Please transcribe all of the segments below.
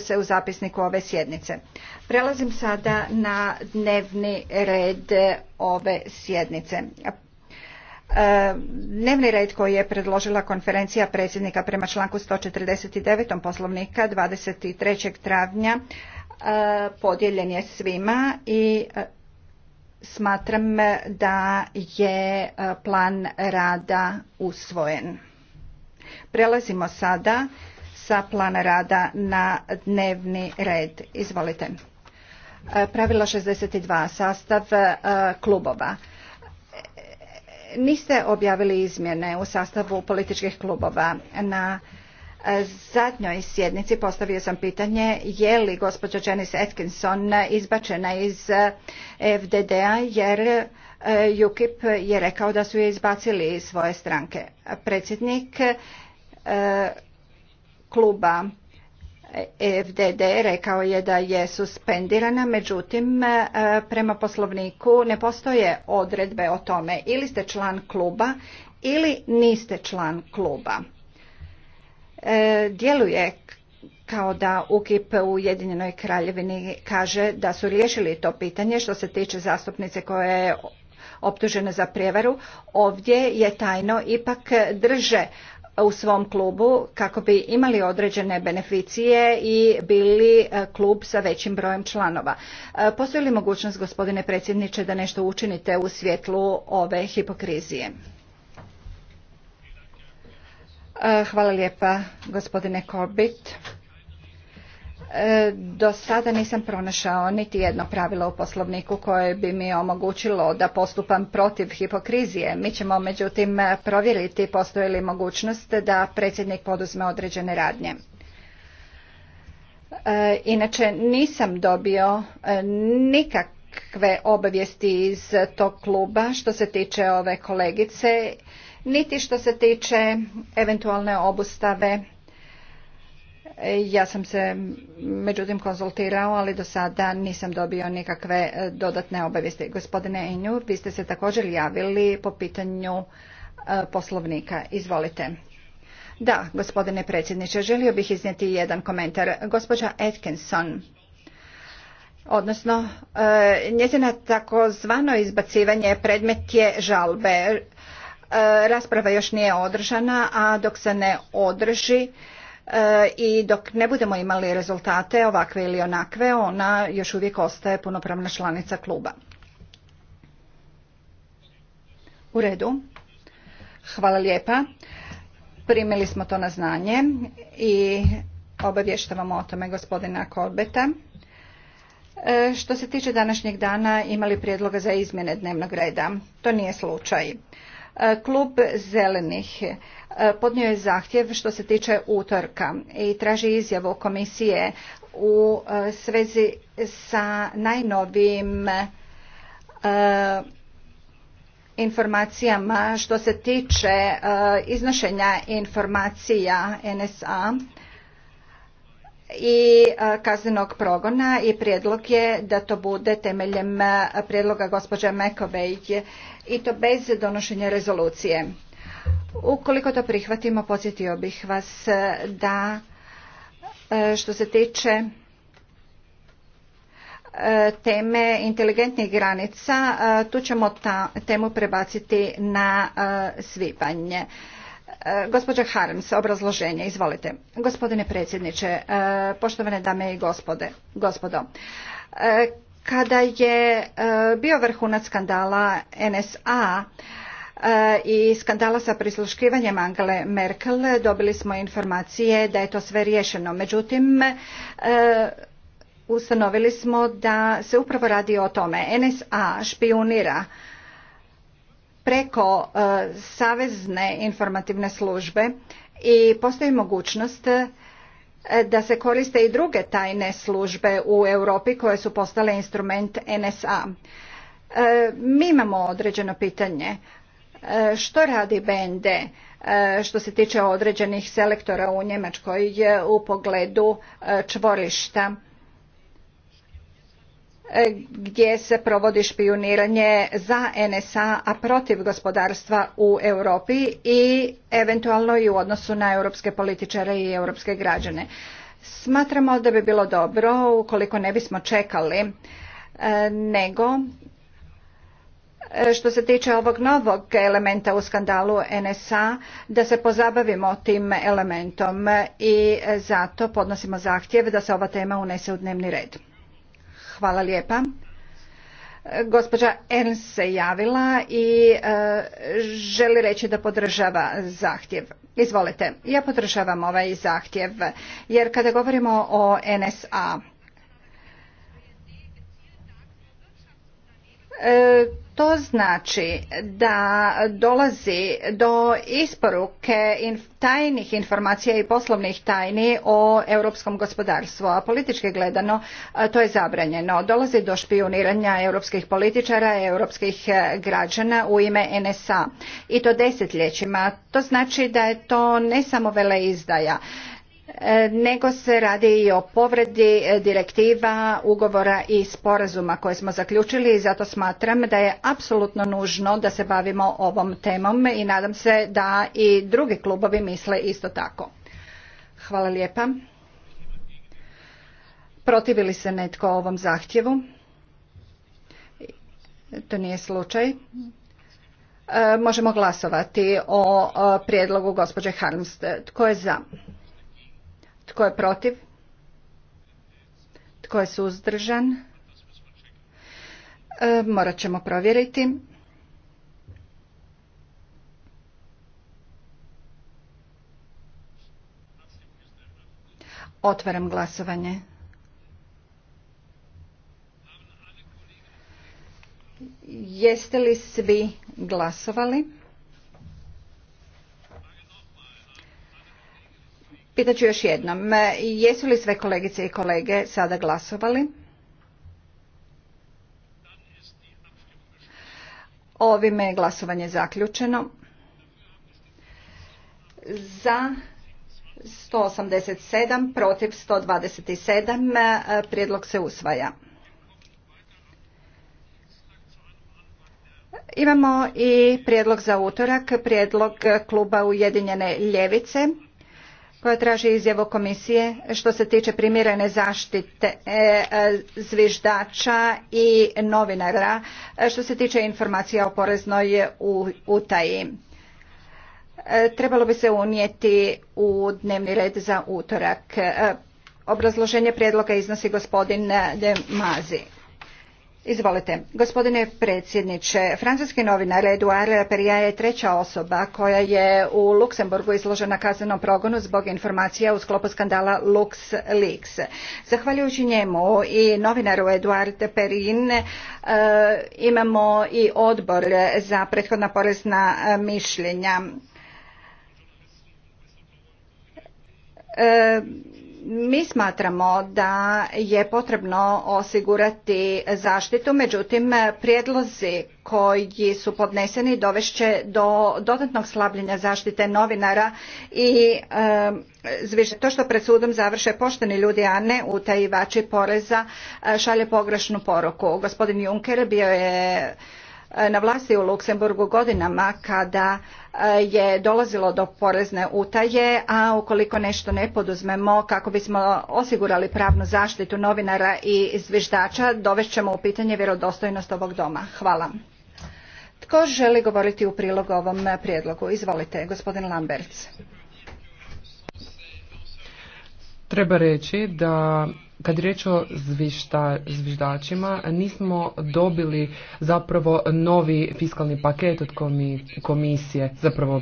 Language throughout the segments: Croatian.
se u zapisniku ove sjednice. Prelazim sada na dnevni red ove sjednice. E, dnevni red koji je predložila konferencija predsjednika prema članku 149. poslovnika 23. travnja e, podijeljen je svima i e, smatram da je plan rada usvojen. Prelazimo sada za plan rada na dnevni red. Izvolite. E, pravilo 62. Sastav e, klubova. Niste objavili izmjene u sastavu političkih klubova. Na e, zadnjoj sjednici postavio sam pitanje je li gospođa Janice Atkinson izbačena iz FDD-a jer UKIP je rekao da su je izbacili iz svoje stranke. Predsjednik kluba e FDD rekao je da je suspendirana, međutim e, prema poslovniku ne postoje odredbe o tome ili ste član kluba ili niste član kluba. E, djeluje kao da UKIP u Ujedinjenoj kraljevini kaže da su riješili to pitanje što se tiče zastupnice koja je optužena za prijevaru. Ovdje je tajno ipak drže u svom klubu kako bi imali određene beneficije i bili e, klub sa većim brojem članova. E, postoji li mogućnost, gospodine predsjedniče, da nešto učinite u svjetlu ove hipokrizije? E, hvala lijepa, gospodine Corbett. E, do sada nisam pronašao niti jedno pravilo u poslovniku koje bi mi omogućilo da postupam protiv hipokrizije. Mi ćemo međutim provjeriti postoje li mogućnost da predsjednik poduzme određene radnje. E, inače nisam dobio e, nikakve obavijesti iz tog kluba što se tiče ove kolegice, niti što se tiče eventualne obustave E, ja sam se međutim konzultirao, ali do sada nisam dobio nikakve e, dodatne obavijesti. Gospodine Enju, vi ste se također javili po pitanju e, poslovnika. Izvolite. Da, gospodine predsjedniče, želio bih iznijeti jedan komentar. Gospođa Atkinson, odnosno njezina takozvano izbacivanje predmet je žalbe. Rasprava još nije održana, a dok se ne održi, E, i dok ne budemo imali rezultate ovakve ili onakve, ona još uvijek ostaje punopravna članica kluba. U redu. Hvala lijepa. Primili smo to na znanje i obavještavamo o tome gospodina Kolbeta. E, što se tiče današnjeg dana, imali prijedloga za izmjene dnevnog reda? To nije slučaj. Klub zelenih e, podnio je zahtjev što se tiče utorka i traži izjavu komisije u e, svezi sa najnovijim e, informacijama što se tiče iznošenja informacija NSA i e, kaznenog progona i prijedlog je da to bude temeljem e, prijedloga gospođe McAvey i to bez donošenja rezolucije. Ukoliko to prihvatimo, podsjetio bih vas e, da što se tiče teme inteligentnih granica, tu ćemo temu prebaciti na svibanje. E, gospođa Harms, obrazloženje, izvolite. Gospodine predsjedniče, e, poštovane dame i gospode, gospodo, e, kada je bio vrhunac skandala NSA, i skandala sa prisluškivanjem Angele Merkel dobili smo informacije da je to sve riješeno. Međutim, ustanovili smo da se upravo radi o tome. NSA špionira preko e, savezne informativne službe i postoji mogućnost e, da se koriste i druge tajne službe u Europi koje su postale instrument NSA. E, mi imamo određeno pitanje. Što radi BND što se tiče određenih selektora u Njemačkoj u pogledu čvorišta E, gdje se provodi špijuniranje za NSA, a protiv gospodarstva u Europi i eventualno i u odnosu na europske političare i europske građane. Smatramo da bi bilo dobro, ukoliko ne bismo čekali, e, nego e, što se tiče ovog novog elementa u skandalu NSA, da se pozabavimo tim elementom i zato podnosimo zahtjev da se ova tema unese u dnevni red. Hvala lijepa. Gospođa Ernst se javila i e, želi reći da podržava zahtjev. Izvolite, ja podržavam ovaj zahtjev jer kada govorimo o NSA E, to znači da dolazi do isporuke tajnih informacija i poslovnih tajni o europskom gospodarstvu, a politički gledano e, to je zabranjeno. Dolazi do špioniranja europskih političara, europskih e, građana u ime NSA i to desetljećima. To znači da je to ne samo veleizdaja, E, nego se radi i o povredi e, direktiva, ugovora i sporazuma koje smo zaključili i zato smatram da je apsolutno nužno da se bavimo ovom temom i nadam se da i drugi klubovi misle isto tako. Hvala lijepa. Protivi li se netko ovom zahtjevu? To nije slučaj. E, možemo glasovati o prijedlogu gospođe Harms. Tko je za? Tko je protiv? Tko je suzdržan? E, morat ćemo provjeriti. Otvaram glasovanje. Jeste li svi glasovali? Pitaću još jednom, e, jesu li sve kolegice i kolege sada glasovali? Ovime je glasovanje zaključeno. Za 187, protiv 127, e, prijedlog se usvaja. Imamo i prijedlog za utorak, prijedlog kluba Ujedinjene ljevice koja traži izjavu komisije što se tiče primjerene zaštite e, e, zviždača i novinara e, što se tiče informacija o poreznoj utaji. Trebalo bi se unijeti u dnevni red za utorak. Obrazloženje prijedloga iznosi gospodin Mazi. Izvolite. Gospodine predsjedniče, francuski novinar Eduard Perija je treća osoba koja je u Luksemburgu izložena kaznenom progonu zbog informacija u sklopu skandala LuxLeaks. Zahvaljujući njemu i novinaru Eduard Perin e, imamo i odbor za prethodna porezna e, mišljenja. E, mi smatramo da je potrebno osigurati zaštitu, međutim prijedlozi koji su podneseni dovešće do dodatnog slabljenja zaštite novinara i e, to što pred sudom završe pošteni ljudi, a ne utajivači poreza, e, šalje pogrešnu poruku. Gospodin Juncker bio je Eh, na vlasti u Luksemburgu godinama kada eh, je dolazilo do porezne utaje, a ukoliko nešto ne poduzmemo kako bismo osigurali pravnu zaštitu novinara i zviždača, dovest ćemo u pitanje vjerodostojnost ovog doma. Hvala. Tko želi govoriti u prilog ovom prijedlogu? Izvolite, gospodin Lamberts. Treba reći da kad riječ o zviždačima zviždačima, nismo dobili zapravo novi fiskalni paket od komisije, zapravo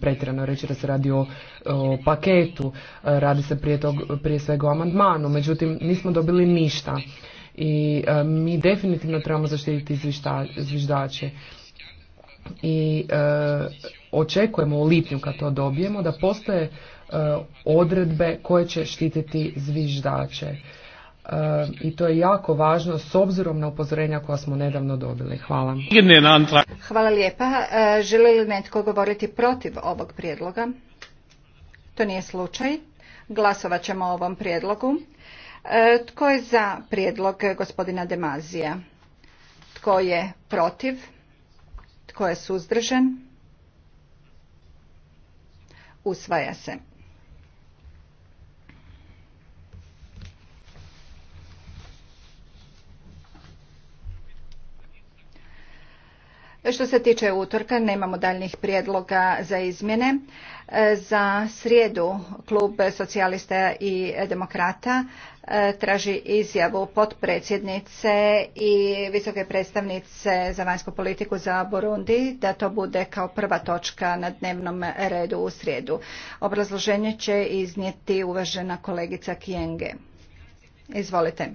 pretjerano reći da se radi o, paketu, radi se prije, tog, prije svega o amandmanu, međutim nismo dobili ništa i e, mi definitivno trebamo zaštititi zvišta, zviždače i e, očekujemo u lipnju kad to dobijemo da postoje E, odredbe koje će štititi zviždače. E, I to je jako važno s obzirom na upozorenja koja smo nedavno dobili. Hvala. Hvala lijepa. E, želi li netko govoriti protiv ovog prijedloga? To nije slučaj. Glasovat ćemo o ovom prijedlogu. Tko je za prijedlog gospodina Demazija? Tko je protiv? Tko je suzdržan? Usvaja se. Što se tiče utorka, nemamo daljnih prijedloga za izmjene. E, za srijedu klub socijalista i demokrata e, traži izjavu potpredsjednice i visoke predstavnice za vanjsku politiku za Burundi da to bude kao prva točka na dnevnom redu u srijedu. Obrazloženje će iznijeti uvažena kolegica Kijenge. Izvolite.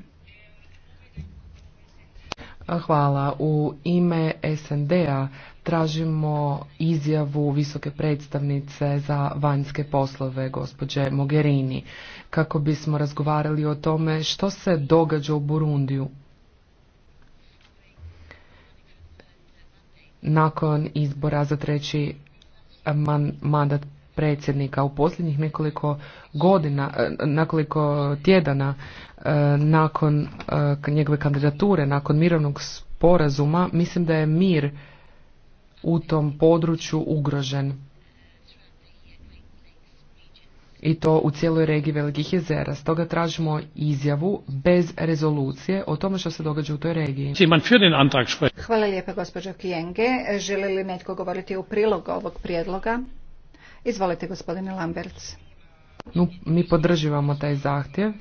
Hvala. U ime SND-a tražimo izjavu visoke predstavnice za vanjske poslove gospođe Mogherini kako bismo razgovarali o tome što se događa u Burundiju. Nakon izbora za treći mandat predsjednika u posljednjih nekoliko godina, e, nekoliko tjedana e, nakon e, njegove kandidature, nakon mirovnog sporazuma, mislim da je mir u tom području ugrožen. I to u cijeloj regiji Velikih jezera. Stoga tražimo izjavu bez rezolucije o tome što se događa u toj regiji. Hvala lijepa gospođo Kijenge. Želi li netko govoriti u prilog ovog prijedloga? Izvolite gospodine Lamberts. No, mi podrživamo taj zahtjev,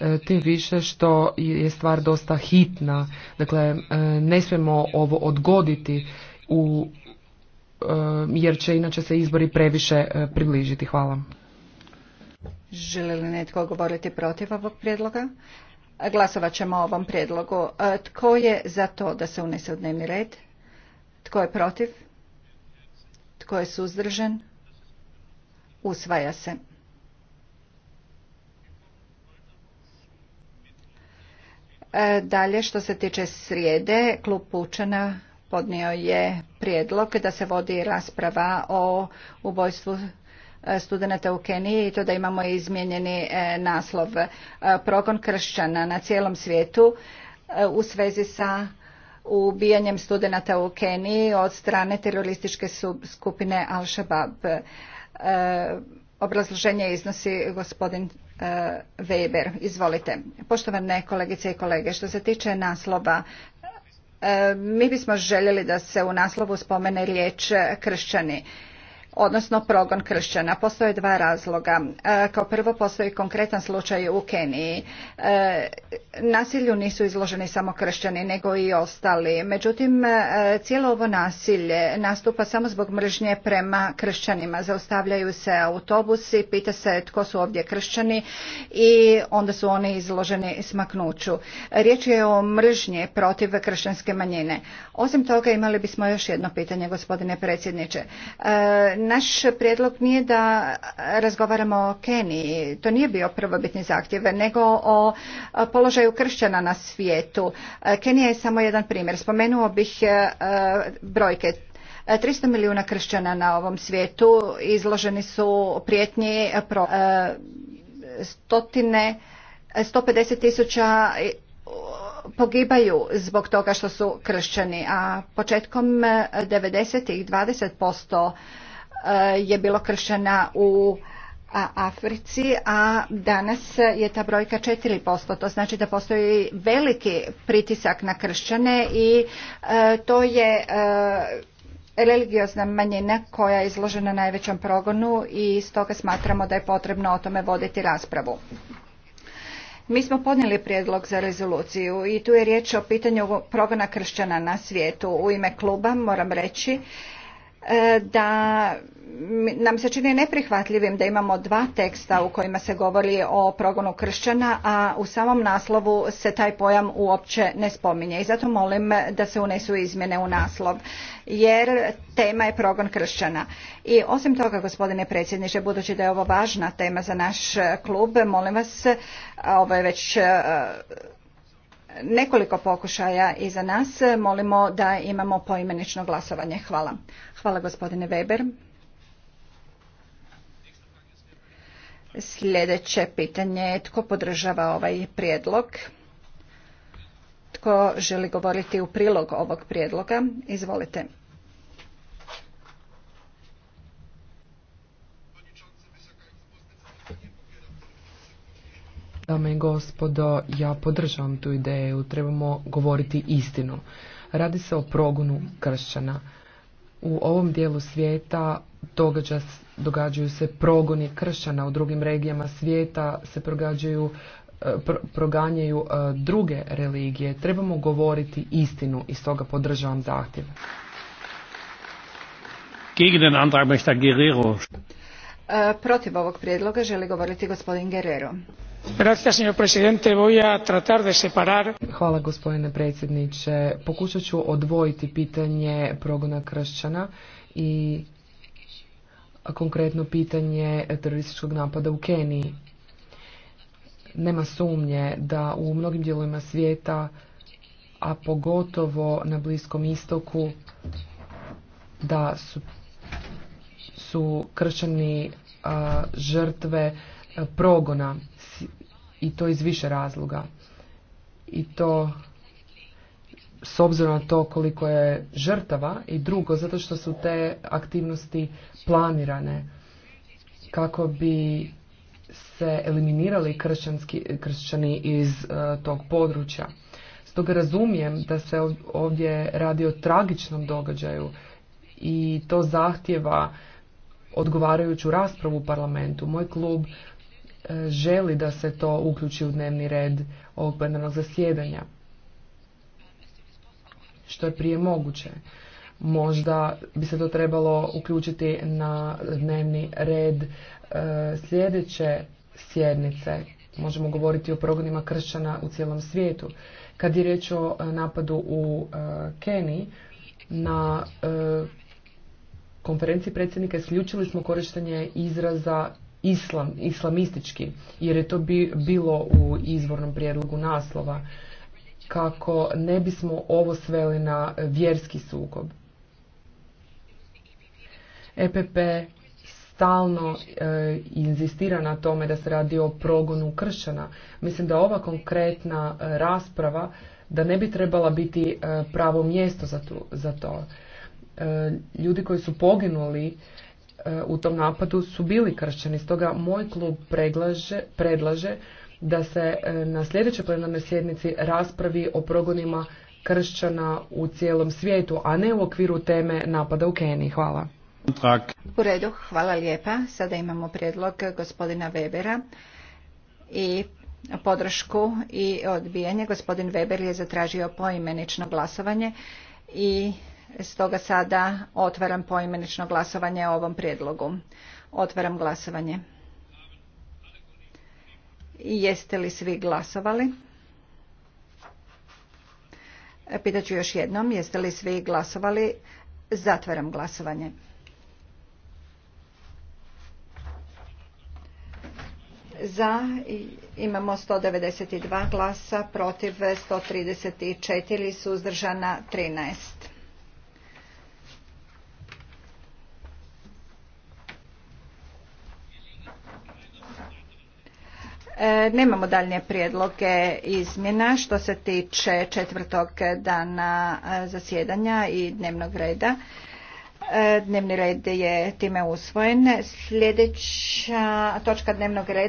e, tim više što je stvar dosta hitna. Dakle, e, ne smijemo ovo odgoditi u, e, jer će inače se izbori previše približiti. Hvala. Želi li netko govoriti protiv ovog prijedloga? Glasovat ćemo o ovom prijedlogu. Tko je za to da se unese u dnevni red? Tko je protiv? Tko je suzdržen? Usvaja se. E, dalje, što se tiče srijede, klub Pučana podnio je prijedlog da se vodi rasprava o ubojstvu e, studenata u Keniji i to da imamo izmijenjeni e, naslov Progon kršćana na cijelom svijetu u svezi sa ubijanjem studenta u Keniji od strane terorističke skupine Al-Shabaab. E, obrazloženje iznosi gospodin e, Weber. Izvolite. Poštovane kolegice i kolege, što se tiče naslova, e, mi bismo željeli da se u naslovu spomene riječ kršćani odnosno progon kršćana. Postoje dva razloga. E, kao prvo postoji konkretan slučaj u Keniji. E, nasilju nisu izloženi samo kršćani nego i ostali. Međutim, e, cijelo ovo nasilje nastupa samo zbog mržnje prema kršćanima. Zaustavljaju se autobusi, pita se tko su ovdje kršćani i onda su oni izloženi smaknuću. Riječ je o mržnji protiv kršćanske manjine. Osim toga imali bismo još jedno pitanje, gospodine predsjedniče naš prijedlog nije da razgovaramo o Keniji, to nije bio prvobitni zahtjev, nego o položaju kršćana na svijetu. Kenija je samo jedan primjer. Spomenuo bih e, brojke. 300 milijuna kršćana na ovom svijetu izloženi su prijetnji e, stotine 150 tisuća pogibaju zbog toga što su kršćani, a početkom 90-ih 20% Eh, je bilo kršena u Africi, a danas je ta brojka 4%. To znači da postoji veliki pritisak na kršćane i eh, to je eh, religiozna manjina koja je izložena najvećem progonu i stoga smatramo da je potrebno o tome voditi raspravu. Mi smo podnijeli prijedlog za rezoluciju i tu je riječ o pitanju progona kršćana na svijetu. U ime kluba moram reći E, da nam se čini neprihvatljivim da imamo dva teksta u kojima se govori o progonu kršćana, a u samom naslovu se taj pojam uopće ne spominje. I zato molim da se unesu izmjene u naslov, jer tema je progon kršćana. I osim toga, gospodine predsjedniče, budući da je ovo važna tema za naš klub, molim vas, ovo je već e, nekoliko pokušaja iza nas. Molimo da imamo poimenično glasovanje. Hvala. Hvala gospodine Weber. Sljedeće pitanje je tko podržava ovaj prijedlog? Tko želi govoriti u prilog ovog prijedloga? Izvolite. Dame i gospodo, ja podržavam tu ideju, trebamo govoriti istinu. Radi se o progonu kršćana. U ovom dijelu svijeta događa, događaju se progoni kršćana, u drugim regijama svijeta se progađaju e, proganjaju e, druge religije. Trebamo govoriti istinu i stoga podržavam zahtjev. E, protiv ovog prijedloga želi govoriti gospodin Guerrero señor presidente voy a Hvala gospodine predsjedniče. Pokušat ću odvojiti pitanje progona kršćana i konkretno pitanje terorističkog napada u Keniji. Nema sumnje da u mnogim dijelovima svijeta, a pogotovo na Bliskom istoku, da su, su kršćani žrtve progona i to iz više razloga. I to s obzirom na to koliko je žrtava i drugo zato što su te aktivnosti planirane kako bi se eliminirali kršćani iz e, tog područja. Stoga razumijem da se ovdje radi o tragičnom događaju i to zahtjeva odgovarajuću raspravu u parlamentu. Moj klub želi da se to uključi u dnevni red ovog plenarnog zasjedanja. Što je prije moguće. Možda bi se to trebalo uključiti na dnevni red e, sljedeće sjednice. Možemo govoriti o progonima kršćana u cijelom svijetu. Kad je riječ o e, napadu u e, Keniji, na konferenciji predsjednika isključili smo korištenje izraza islam, islamistički, jer je to bi, bilo u izvornom prijedlogu naslova, kako ne bismo ovo sveli na vjerski sukob. EPP stalno e, inzistira na tome da se radi o progonu kršćana. Mislim da ova konkretna e, rasprava da ne bi trebala biti e, pravo mjesto za, tu, za to. E, ljudi koji su poginuli E, u tom napadu su bili kršćani. Stoga moj klub predlaže da se e, na sljedećoj plenarnoj sjednici raspravi o progonima kršćana u cijelom svijetu, a ne u okviru teme napada u Keniji. Hvala. U redu, hvala lijepa. Sada imamo prijedlog gospodina Webera i podršku i odbijanje. Gospodin Weber je zatražio poimenično glasovanje i Stoga sada otvaram poimenično glasovanje o ovom prijedlogu. Otvaram glasovanje. Jeste li svi glasovali? Pitaću još jednom, jeste li svi glasovali? Zatvaram glasovanje. Za imamo 192 glasa, protiv 134, suzdržana 13. E, nemamo daljnje prijedloge izmjena što se tiče četvrtog dana e, zasjedanja i dnevnog reda. E, dnevni red je time usvojen. Sljedeća točka dnevnog reda